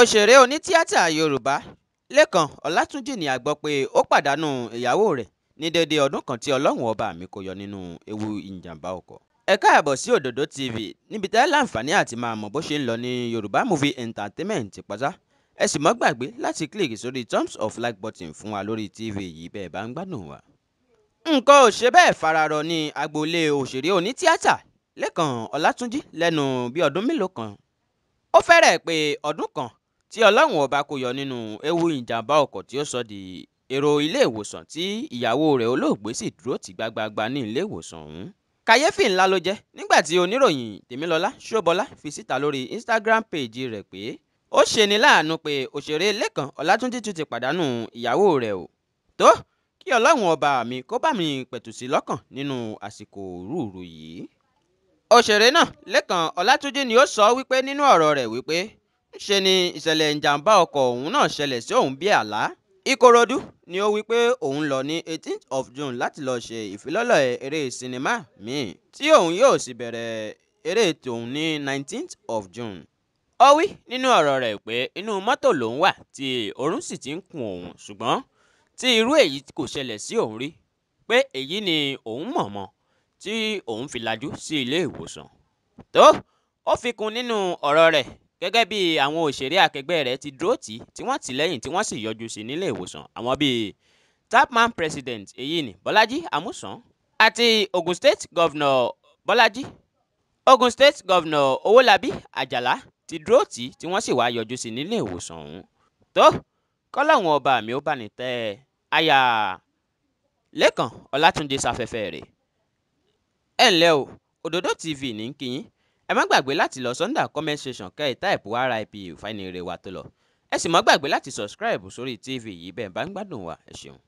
òṣèré onítìátà yorùbá lẹ́kan ọlátúnjì ni a gbọ́ pé ó pàdánù ìyàwó rẹ̀ ní déédéé ọdún kan tí ọlọ́run ọba mi kò yọ nínú ewu ìjàmbá ọkọ̀. ẹ káàbọ̀ sí òdòdó tv níbi tẹ́ láǹfààní àti máa mọ̀ bó ṣe ń lọ ní yorùbá movie entertainment pátá ẹ sì mọ́ gbàgbé láti kílìkì sórí thumbs of like button fún wa lórí tv yìí bẹ́ẹ̀ bá ń gbádùn wa. nǹkan ò ṣe bẹ́ẹ̀ fararọ ní agboolé òṣèré onítìátà lẹ́kan ọlátúnjì lẹ́nu bí ọdún mélòó kan ó fẹ́rẹ̀ pé ọdún kan tí ọlọ́run ọba kò yọ nínú ewu ìjàmbá ọkọ̀ tí ó sọ di èrò ilé ìwòsàn tí ìyàwó rẹ̀ olóògbé sì dúró tì gbagbagba ní ilé ìwòsàn ọ̀hún. kàyéfì ńlá ló jẹ́ nígbà tí oníròyìn tèmilọ́lá ṣóbọlá fi síta lórí instagram page rẹ̀ pé ó ṣeni láàánú pé òṣèré lẹ́kàn ọlátúnjí tún ti pàdánù ìyàwó rẹ̀ o tó kí ọlọ́run ọba mi kó bá mi pẹ̀tù sí lọ́kàn nínú àsìkò rúurú yìí. òṣèré náà lẹ́kàn ọlátúnjí ni ó sọ wípé nínú ọ̀rọ̀ rẹ̀ wípé ṣe ni ìṣẹ̀lẹ̀ ìjàmbá ọkọ̀ ọ̀hún náà ṣẹlẹ̀ sí òun bíi àlá ìkòròdú ni ó wí pé òun lọ ní eighteenth of june láti lọ ṣe ìfilọ́lẹ̀ eré sinimá míì tí òun yóò sì bẹ̀rẹ̀ eré tòun ní nineteenth of june ó nínú ọ̀rọ̀ rẹ̀ pé inú mọ́tò lòun wà tí oorun sì ti ń kun òun ṣùgbọ́n tí irú èyí kò ṣẹlẹ̀ sí òun rí pé èyí ni òun mọ̀mọ́ tí òun fi lajú sí ilé ìwòsàn tó ó fi kún nínú ọ̀rọ̀ rẹ̀ gẹ́gẹ́ bí àwọn òṣèré akẹgbẹ́ rẹ̀ ti dúró tì í tí wọ́n ti lẹ́yìn tí wọ́n sì yọjú sí nílé ìwòsàn àwọn bíi Tapman president èyí ni Bọ́lájí Àmúsàn àti Ogun State Governor Bọ́lájí Ogun State Governor Owólabí Àjàlá ti dúró tì í tí wọ́n sì wá yọjú sí nílé ìwòsàn ọ̀hún tó kọ́lọ́hún ọba mi ó bá ní tẹ́ aya Lẹ́kàn Ọlátúnjí sáfẹ́fẹ́ rẹ̀ ẹ̀ ńlẹ́ o Òdòdó TV ní kí yín ẹ má gbàgbé láti lọ sọ́ndà comment section kẹ́ ẹ táìpù rip fáìní rẹ̀ tó lọ ẹ sì má gbàgbé láti subscribe sórí tv yìí bẹ́ẹ̀ bá ń gbádùn wa ẹ ṣeun.